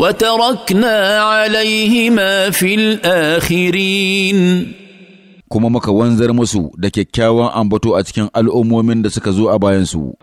وتركنا عليهما في الآخرين كما مكوان زرمسو دا كيكاوا أمبتو أتكين الأمومين دا سكزو